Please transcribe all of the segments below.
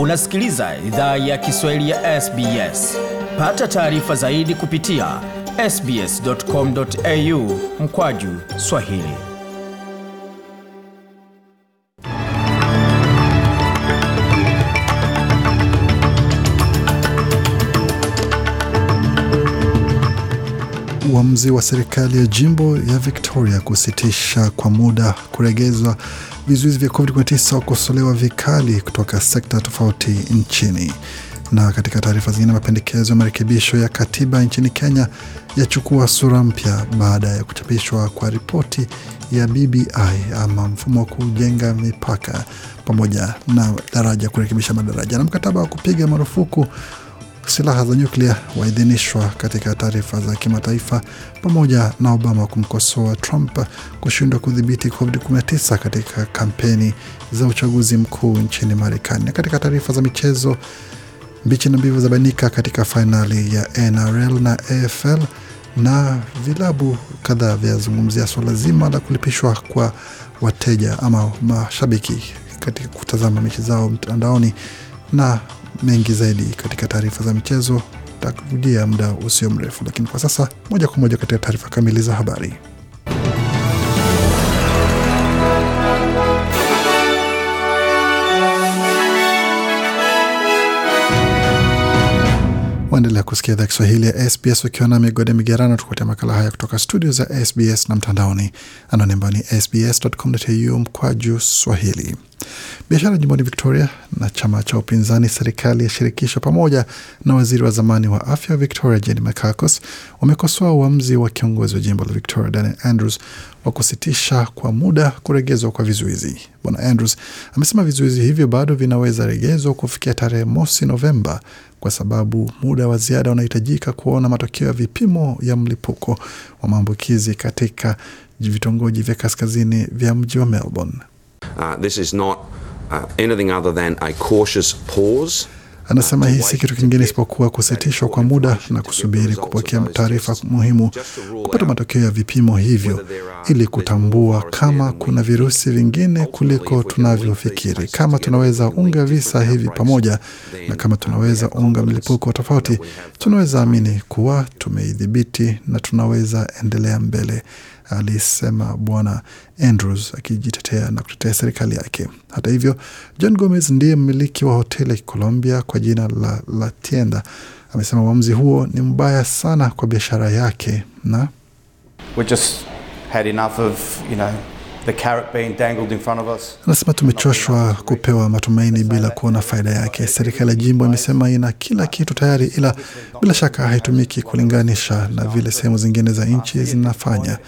Unasikiliza idhaa ya Kiswahili ya SBS. Pata taarifa zaidi kupitia sbs.com.au mkwaju Swahili. uamzi wa serikali ya jimbo ya Victoria kusitisha kwa muda kuregezwa Vizuizi vya COVID-19 kukosolewa vikali kutoka sekta tofauti nchini. Na katika taarifa zingine, mapendekezo ya marekebisho ya katiba nchini Kenya yachukua sura mpya baada ya kuchapishwa kwa ripoti ya BBI ama mfumo wa kujenga mipaka pamoja na daraja kurekebisha madaraja na mkataba wa kupiga marufuku silaha za nyuklia waidhinishwa katika taarifa za kimataifa, pamoja na Obama kumkosoa Trump kushindwa kudhibiti COVID-19 katika kampeni za uchaguzi mkuu nchini Marekani. na Katika taarifa za michezo, mbichi na mbivu zabainika katika fainali ya NRL na AFL na vilabu kadhaa vyazungumzia suala zima la kulipishwa kwa wateja ama mashabiki katika kutazama mechi zao mtandaoni na mengi zaidi katika taarifa za michezo takujia muda usio mrefu, lakini kwa sasa moja kwa moja katika taarifa kamili za habari. Waendelea kusikia idhaa Kiswahili ya SBS ukiwa na migode migerano, tukuletea makala haya kutoka studio za SBS na mtandaoni, anwani ambayo ni sbs.com.au juu swahili. Biashara jimboni Victoria na chama cha upinzani serikali ya shirikisho pamoja na waziri wa zamani wa afya Victoria Jane Macacos wamekosoa uamuzi wa kiongozi wa jimbo la Victoria Daniel Andrews wa kusitisha kwa muda kuregezwa kwa vizuizi. Bwana Andrews amesema vizuizi hivyo bado vinaweza regezwa kufikia tarehe mosi Novemba kwa sababu muda wa ziada unahitajika kuona matokeo ya vipimo ya mlipuko wa maambukizi katika vitongoji vya kaskazini vya mji wa Melbourne. Uh, this is not, uh, anything other than a cautious pause. Anasema hii si kitu kingine isipokuwa kusitishwa kwa muda na kusubiri kupokea taarifa muhimu kupata matokeo ya vipimo hivyo ili kutambua kama kuna virusi vingine kuliko tunavyofikiri, kama tunaweza unga visa hivi pamoja, na kama tunaweza unga milipuko tofauti, tunaweza amini kuwa tumeidhibiti na tunaweza endelea mbele, alisema Bwana Andrews akijitetea na kutetea serikali yake. Hata hivyo, John Gomez ndiye mmiliki wa hoteli ya Colombia kwa jina la La Tienda amesema uamuzi huo ni mbaya sana kwa biashara yake na We just had enough of, you know... Anasema tumechoshwa kupewa matumaini bila kuona faida yake. Serikali ya jimbo imesema ina kila kitu tayari, ila bila shaka haitumiki kulinganisha na vile sehemu zingine za nchi zinafanya.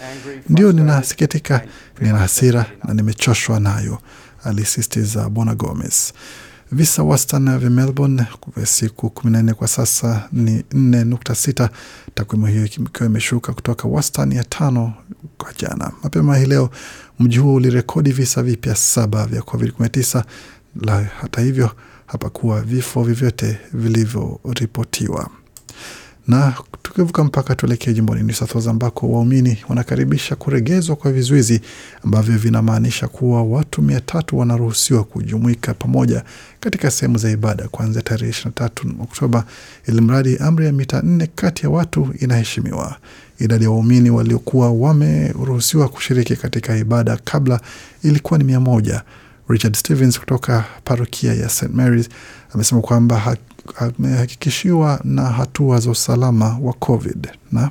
Ndio ninasikitika, nina hasira na nimechoshwa nayo, alisisitiza Bwana Gomez. Visa wastani vya Melbourne siku 14 kwa sasa ni 4.6, takwimu hiyo ikiwa imeshuka kutoka wastani ya tano kwa jana. Mapema hii leo mji huo ulirekodi visa vipya saba vya COVID-19. La, hata hivyo hapakuwa vifo vyovyote vilivyoripotiwa. Na tukivuka mpaka tuelekee jimboni New South Wales ambako waumini wanakaribisha kuregezwa kwa vizuizi ambavyo vinamaanisha kuwa watu mia tatu wanaruhusiwa kujumuika pamoja katika sehemu za ibada kuanzia tarehe 23 Oktoba, ili mradi amri ya mita nne kati ya watu inaheshimiwa. Idadi ya waumini waliokuwa wameruhusiwa kushiriki katika ibada kabla ilikuwa ni mia moja. Richard Stevens kutoka parokia ya St Marys amesema kwamba amehakikishiwa na hatua za usalama wa COVID na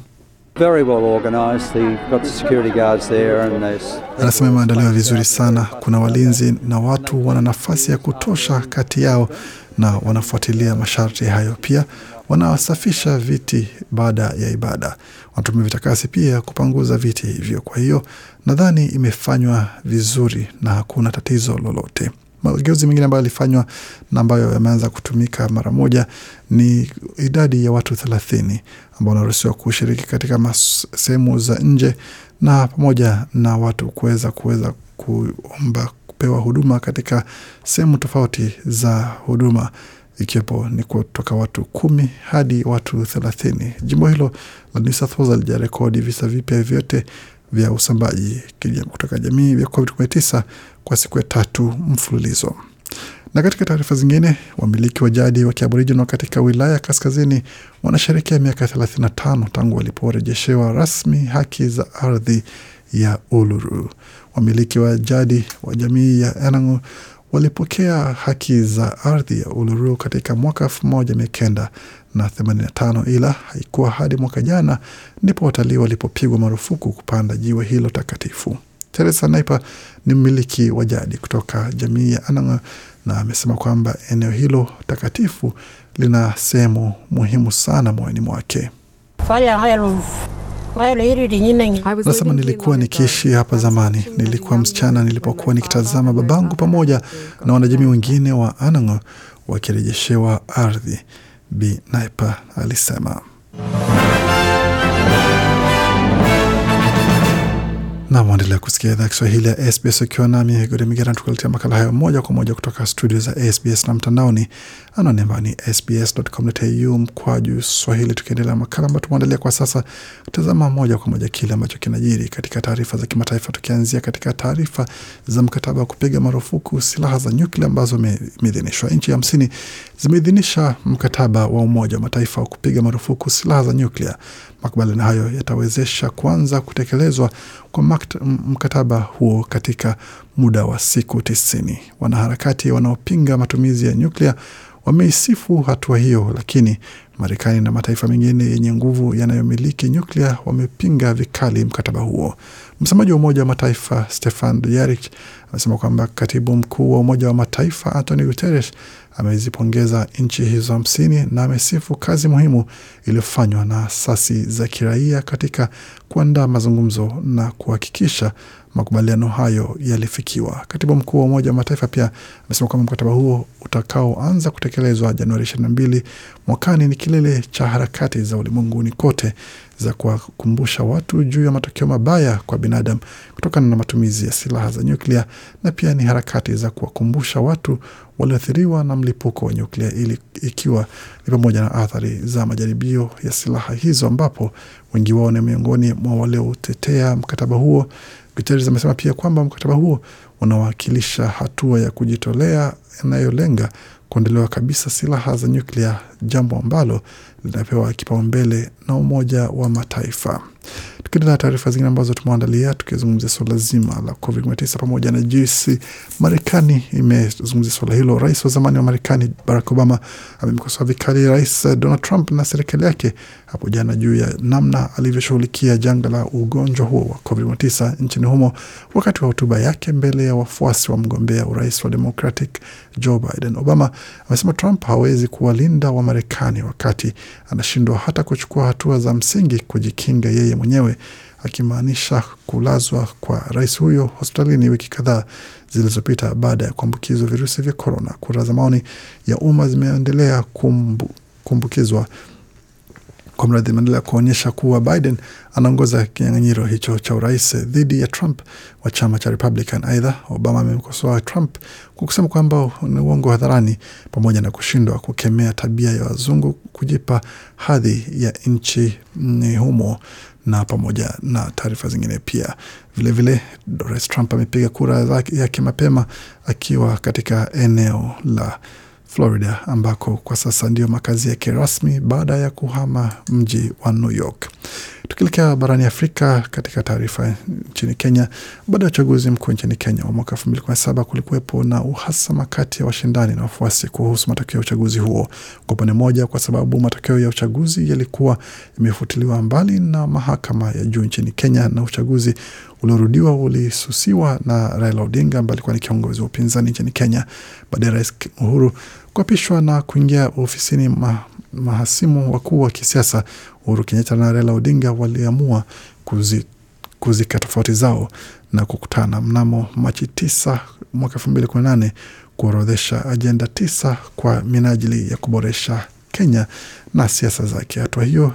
Anasema imeandaliwa vizuri sana, kuna walinzi na watu wana nafasi ya kutosha kati yao na wanafuatilia masharti hayo. Pia wanasafisha viti baada ya ibada, wanatumia vitakasi pia kupanguza viti hivyo. Kwa hiyo nadhani imefanywa vizuri na hakuna tatizo lolote. Mageuzi mengine ambayo yalifanywa na ambayo yameanza kutumika mara moja ni idadi ya watu thelathini ambao wanaruhusiwa kushiriki katika sehemu za nje na pamoja na watu kuweza kuweza kuomba kupewa huduma katika sehemu tofauti za huduma ikiwepo ni kutoka watu kumi hadi watu thelathini. Jimbo hilo la New South Wales halijarekodi visa vipya vyote vya usambaji kutoka jamii vya COVID-19 kwa siku ya tatu mfululizo. Na katika taarifa zingine, wamiliki wa jadi wa Kiaborijini katika wilaya ya Kaskazini wanasherekea miaka 35 tangu waliporejeshewa rasmi haki za ardhi ya Uluru. Wamiliki wa jadi wa jamii ya Enangu walipokea haki za ardhi ya Uluru katika mwaka tano ila haikuwa hadi mwaka jana ndipo watalii walipopigwa marufuku kupanda jiwe hilo takatifu. Teresa Naipa ni mmiliki wa jadi kutoka jamii ya Ananga na amesema kwamba eneo hilo takatifu lina sehemu muhimu sana moyoni mwake. Nasema nilikuwa nikiishi hapa zamani, nilikuwa msichana nilipokuwa nikitazama babangu pamoja na wanajamii wengine wa Anango wakirejeshewa ardhi, Bi Naipa alisema. na mwaendelea kusikia idhaa Kiswahili ya SBS ukiwa nami Gode Migerani, tukuletea makala hayo moja kwa moja kutoka studio za SBS na mtandaoni, anwani ambayo ni sbs.com.au mkwaju swahili. Tukiendelea makala ambayo tumeandalia kwa sasa, tazama moja kwa moja kile ambacho kinajiri katika taarifa za kimataifa, tukianzia katika taarifa za mkataba wa kupiga marufuku silaha za nyuklia ambazo imeidhinishwa. Nchi hamsini zimeidhinisha mkataba wa Umoja wa Mataifa wa kupiga marufuku silaha za nyuklia Makubaliano hayo yatawezesha kuanza kutekelezwa kwa mkataba huo katika muda wa siku tisini. Wanaharakati wanaopinga matumizi ya nyuklia wameisifu hatua hiyo, lakini Marekani na mataifa mengine yenye nguvu yanayomiliki nyuklia wamepinga vikali mkataba huo. Msemaji wa Umoja wa Mataifa Stefan Dujarric amesema kwamba katibu mkuu wa Umoja wa Mataifa Antonio Guterres amezipongeza nchi hizo hamsini na amesifu kazi muhimu iliyofanywa na asasi za kiraia katika kuandaa mazungumzo na kuhakikisha makubaliano hayo yalifikiwa. Katibu mkuu wa Umoja wa Mataifa pia amesema kwamba mkataba huo utakaoanza kutekelezwa Januari 22 mwakani ni kilele cha harakati za ulimwenguni kote za kuwakumbusha watu juu ya matokeo mabaya kwa binadamu kutokana na matumizi ya silaha za nyuklia na pia ni harakati za kuwakumbusha watu walioathiriwa na mlipuko wa nyuklia ili ikiwa ni pamoja na athari za majaribio ya silaha hizo, ambapo wengi wao ni miongoni mwa waliotetea mkataba huo Guterres amesema pia kwamba mkataba huo unawakilisha hatua ya kujitolea inayolenga kuondolewa kabisa silaha za nyuklia, jambo ambalo linapewa kipaumbele na Umoja wa Mataifa. Tukiendelea na taarifa zingine ambazo tumeandalia, tukizungumzia suala zima la COVID-19 pamoja na jinsi Marekani imezungumzia swala hilo, rais wa zamani wa Marekani Barack Obama amemkosoa vikali Rais Donald Trump na serikali yake hapo jana juu ya namna alivyoshughulikia janga la ugonjwa huo wa COVID-19 nchini humo wakati wa hotuba yake mbele ya wafuasi wa mgombea urais wa Democratic Joe Biden. Obama amesema Trump hawezi kuwalinda Wamarekani wakati anashindwa hata kuchukua hatua za msingi kujikinga yeye yeye mwenyewe, akimaanisha kulazwa kwa rais huyo hospitalini wiki kadhaa zilizopita baada ya kuambukizwa virusi vya korona. Kura za maoni ya umma zimeendelea kumbu, kuambukizwa kwa mradhi imeendelea kuonyesha kuwa Biden anaongoza kinyang'anyiro hicho cha urais dhidi ya Trump wa chama cha Republican. Aidha, Obama amemkosoa Trump kwa kusema kwamba ni uongo hadharani, pamoja na kushindwa kukemea tabia ya wazungu kujipa hadhi ya nchi ni mm, humo na pamoja na taarifa zingine pia. Vilevile Donald Trump amepiga kura yake mapema akiwa katika eneo la Florida, ambako kwa sasa ndiyo makazi yake rasmi baada ya kuhama mji wa New York. Tukielekea barani Afrika, katika taarifa nchini Kenya, baada ya uchaguzi mkuu nchini Kenya wa mwaka saba kulikuwepo na uhasama kati ya washindani na wafuasi kuhusu matokeo ya uchaguzi huo, kwa upande mmoja kwa sababu matokeo ya uchaguzi yalikuwa yamefutiliwa mbali na mahakama ya juu nchini Kenya na uchaguzi uliorudiwa ulisusiwa na Raila Odinga ambaye alikuwa ni kiongozi wa upinzani nchini Kenya baada ya Rais Uhuru kuapishwa na kuingia ofisini ma, mahasimu wakuu wa kisiasa Uhuru Kenyatta na Raila Odinga waliamua kuzi, kuzika tofauti zao na kukutana mnamo Machi t mwaka elfu mbili kumi nane kuorodhesha ajenda tisa kwa minajili ya kuboresha Kenya na siasa zake. Hatua hiyo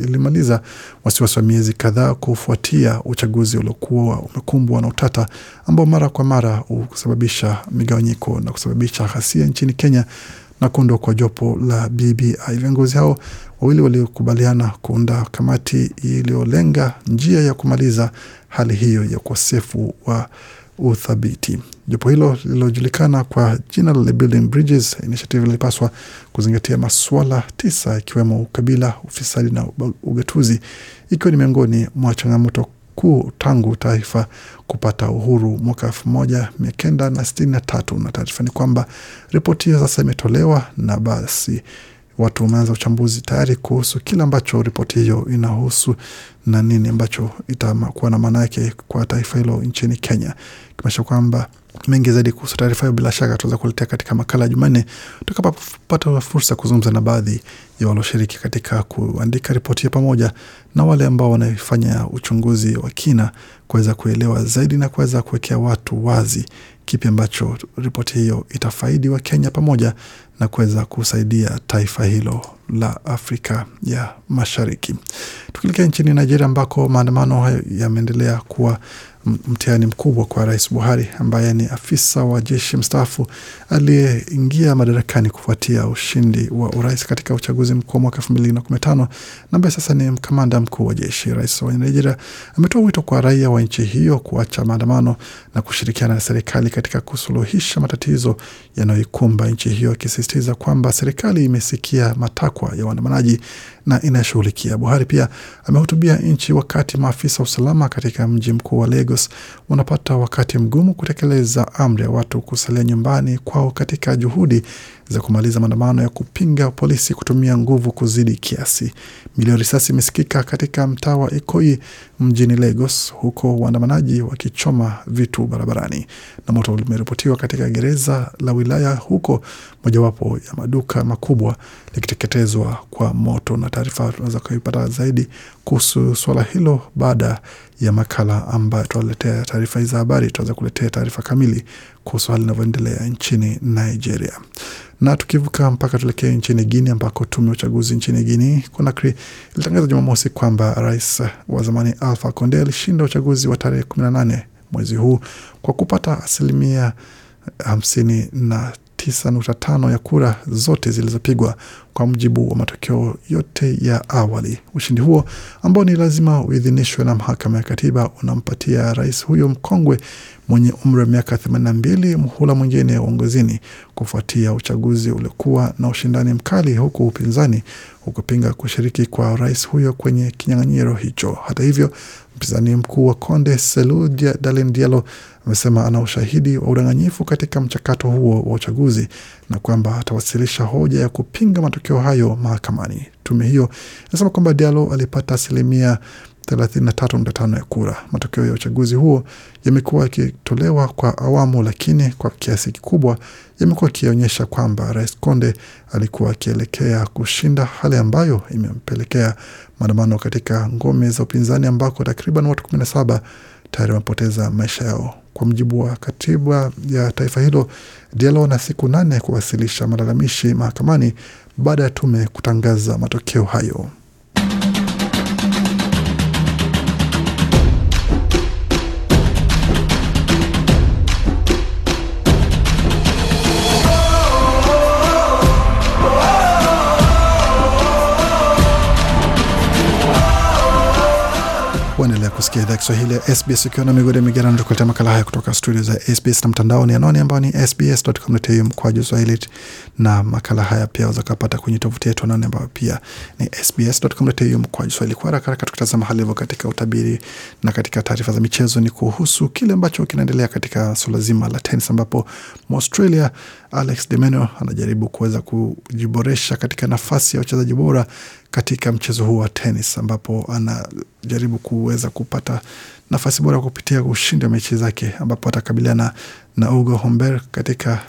ilimaliza wasiwasi wa miezi kadhaa kufuatia uchaguzi uliokuwa umekumbwa na utata ambao mara kwa mara husababisha migawanyiko na kusababisha ghasia nchini Kenya na kuundwa kwa jopo la BBI. Viongozi hao wawili waliokubaliana kuunda kamati iliyolenga njia ya kumaliza hali hiyo ya ukosefu wa uthabiti. Jopo hilo lililojulikana kwa jina la Building Bridges Initiative lilipaswa kuzingatia masuala tisa ikiwemo ukabila, ufisadi na ugatuzi, ikiwa ni miongoni mwa changamoto kuu tangu taifa kupata uhuru mwaka elfu moja mia kenda na sitini na tatu. Na taarifa ni kwamba ripoti hiyo sasa imetolewa na basi watu wameanza uchambuzi tayari kuhusu kile ambacho ripoti hiyo inahusu na nini ambacho itakuwa na maana yake kwa taifa hilo nchini Kenya. Kimaanisha kwamba mengi zaidi kuhusu taarifa hiyo bila shaka tutaweza kuletea katika makala ya Jumanne tutakapopata fursa kuzungumza na baadhi ya walioshiriki katika kuandika ripoti hiyo pamoja na wale ambao wanafanya uchunguzi wa kina kuweza kuelewa zaidi na kuweza kuwekea watu wazi kipi ambacho ripoti hiyo itafaidi wa Kenya pamoja na kuweza kusaidia taifa hilo la Afrika ya Mashariki. Tukilekea nchini Nigeria, ambako maandamano hayo yameendelea kuwa mtihani mkubwa kwa Rais Buhari ambaye ni afisa wa jeshi mstaafu aliyeingia madarakani kufuatia ushindi wa urais katika uchaguzi mkuu wa mwaka elfu mbili na kumi na tano na ambaye sasa ni kamanda mkuu wa jeshi. Rais wa Nigeria ametoa wito kwa raia wa nchi hiyo kuacha maandamano na kushirikiana na serikali katika kusuluhisha matatizo yanayoikumba nchi hiyo, akisisitiza kwamba serikali imesikia matakwa matakwa ya waandamanaji na inayoshughulikia Buhari pia amehutubia nchi wakati maafisa wa usalama katika mji mkuu wa Lagos wanapata wakati mgumu kutekeleza amri ya watu kusalia nyumbani kwao katika juhudi za kumaliza maandamano ya kupinga polisi kutumia nguvu kuzidi kiasi. Milio risasi imesikika katika mtaa wa Ikoyi mjini Lagos, huko waandamanaji wakichoma vitu barabarani, na moto limeripotiwa katika gereza la wilaya huko, mojawapo ya maduka makubwa likiteketezwa kwa moto. Na taarifa tunaweza kuipata zaidi kuhusu suala hilo baada ya makala ambayo tutawaletea taarifa hizi za habari. Tutaweza kuletea taarifa kamili kuhusu hali inavyoendelea nchini Nigeria. Na tukivuka mpaka tuelekee nchini Guini ambako tume ya uchaguzi nchini Guini Conakry ilitangaza Jumamosi kwamba rais wa zamani Alpha Conde alishinda uchaguzi wa tarehe 18 mwezi huu kwa kupata asilimia hamsini na 9.5 ya kura zote zilizopigwa kwa mujibu wa matokeo yote ya awali. Ushindi huo ambao ni lazima uidhinishwe na mahakama ya katiba unampatia rais huyo mkongwe mwenye umri wa miaka 82 mhula mwingine uongozini kufuatia uchaguzi uliokuwa na ushindani mkali, huku upinzani ukipinga kushiriki kwa rais huyo kwenye kinyang'anyiro hicho. Hata hivyo Mpinzani mkuu wa Konde Selu Dalin Dialo amesema ana ushahidi wa udanganyifu katika mchakato huo wa uchaguzi na kwamba atawasilisha hoja ya kupinga matokeo hayo mahakamani. Tume hiyo inasema kwamba Dialo alipata asilimia 33.5 ya kura. Matokeo ya uchaguzi huo yamekuwa yakitolewa kwa awamu, lakini kwa kiasi kikubwa yamekuwa akionyesha kwamba Rais Konde alikuwa akielekea kushinda, hali ambayo imempelekea maandamano katika ngome za upinzani ambako takriban watu 17 tayari wamepoteza maisha yao. Kwa mujibu wa katiba ya taifa hilo, Dialo na siku nane kuwasilisha malalamishi mahakamani baada ya tume kutangaza matokeo hayo. kusikia idhaa Kiswahili ya SBS ukiwa na migode migerano, tukuletea makala haya kutoka studio za SBS na mtandaoni anaoni ambao ni sbs.com.au juu swahili, na makala haya pia waweza kupata kwenye tovuti yetu anaoni ambao pia ni sbs.com.au juu swahili. Kwa haraka haraka, tukitazama hali ilivyo katika utabiri na katika taarifa za michezo, ni kuhusu kile ambacho kinaendelea katika swala zima la tenis, ambapo Mwaustralia Alex de Minaur anajaribu kuweza kujiboresha katika nafasi ya wachezaji bora katika mchezo huu wa tenis, ambapo anajaribu kuweza kupata nafasi bora kupitia ushindi wa mechi zake, ambapo atakabiliana na Ugo Humbert katika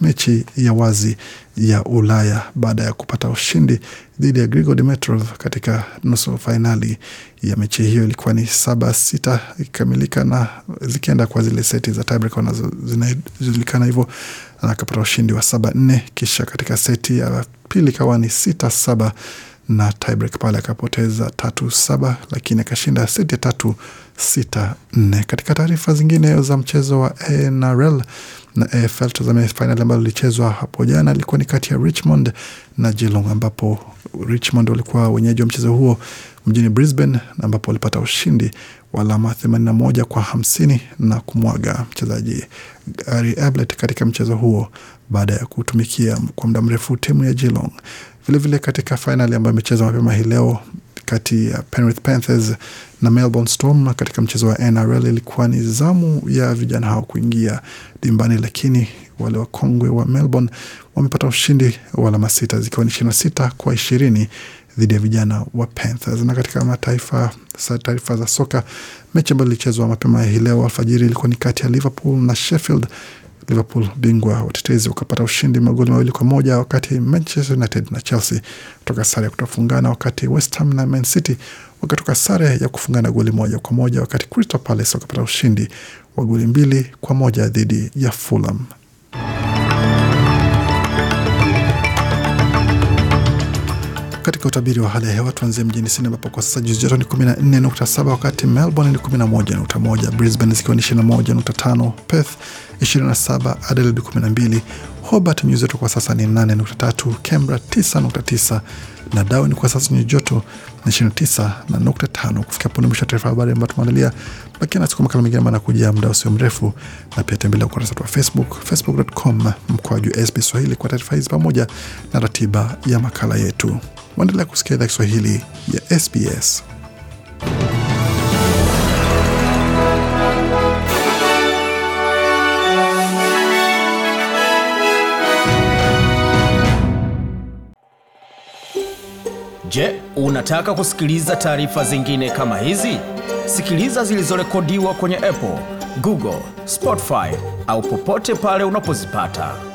mechi ya wazi ya Ulaya baada ya kupata ushindi dhidi ya Grigor Dimitrov katika nusu fainali ya mechi hiyo. Ilikuwa ni saba sita ikikamilika na zikienda kwa zile seti za tiebreak wanazo zinajulikana hivyo, akapata ushindi wa saba nne, kisha katika seti ya pili ikawa ni sita saba na tiebreak pale akapoteza tatu saba, lakini akashinda seti ya tatu sita nne. Katika taarifa zingine za mchezo wa NRL na AFL, tazamia fainali ambalo lilichezwa hapo jana, ilikuwa ni kati ya Richmond na Geelong, ambapo Richmond walikuwa wenyeji wa mchezo huo mjini Brisbane, ambapo walipata ushindi wa alama 81 kwa 50 na kumwaga mchezaji Gary Ablett katika mchezo huo baada ya kutumikia kwa muda mrefu timu ya Geelong. Vilevile katika fainali ambayo imecheza mapema hii leo kati ya Penrith Panthers na Melbourne Storm katika mchezo wa NRL, ilikuwa ni zamu ya vijana hao kuingia dimbani, lakini wale wakongwe wa Melbourne wamepata ushindi wa alama sita zikiwa ni ishirini na sita kwa ishirini dhidi ya vijana wa Panthers. Na katika mataifa taarifa za soka, mechi ambayo ilichezwa mapema hii leo alfajiri ilikuwa ni kati ya Liverpool na Sheffield Liverpool bingwa watetezi wakapata ushindi magoli mawili kwa moja, wakati Manchester United na Chelsea kutoka sare ya kutofungana, wakati West Ham na Man City wakatoka sare ya kufungana goli moja kwa moja, wakati Crystal Palace wakapata ushindi wa goli mbili kwa moja dhidi ya Fulham. Katika utabiri wa hali ya hewa tuanzie mjini Sydney ambapo kwa sasa nyuzi joto ni 14.7, wakati Melbourne ni 11.1, Brisbane zikiwa ni 21.5, Perth 27, Adelaide 12, Hobart nyuzi joto kwa sasa ni 8.3, Canberra 9.9 na Darwin kwa sasa nyuzi joto ni 29.5. Kufikia punde mwisho wa taarifa habari ambayo tumeandalia. Bakia nasi kwa makala mengine manakujia yanakujia muda usio mrefu, na pia tembelea ukurasa wetu wa Facebook facebook.com mkoa juu SBS Swahili kwa taarifa hizi pamoja na ratiba ya makala yetu. Waendelea kusikia idhaa Kiswahili ya SBS. Je, unataka kusikiliza taarifa zingine kama hizi? Sikiliza zilizorekodiwa kwenye Apple, Google, Spotify au popote pale unapozipata.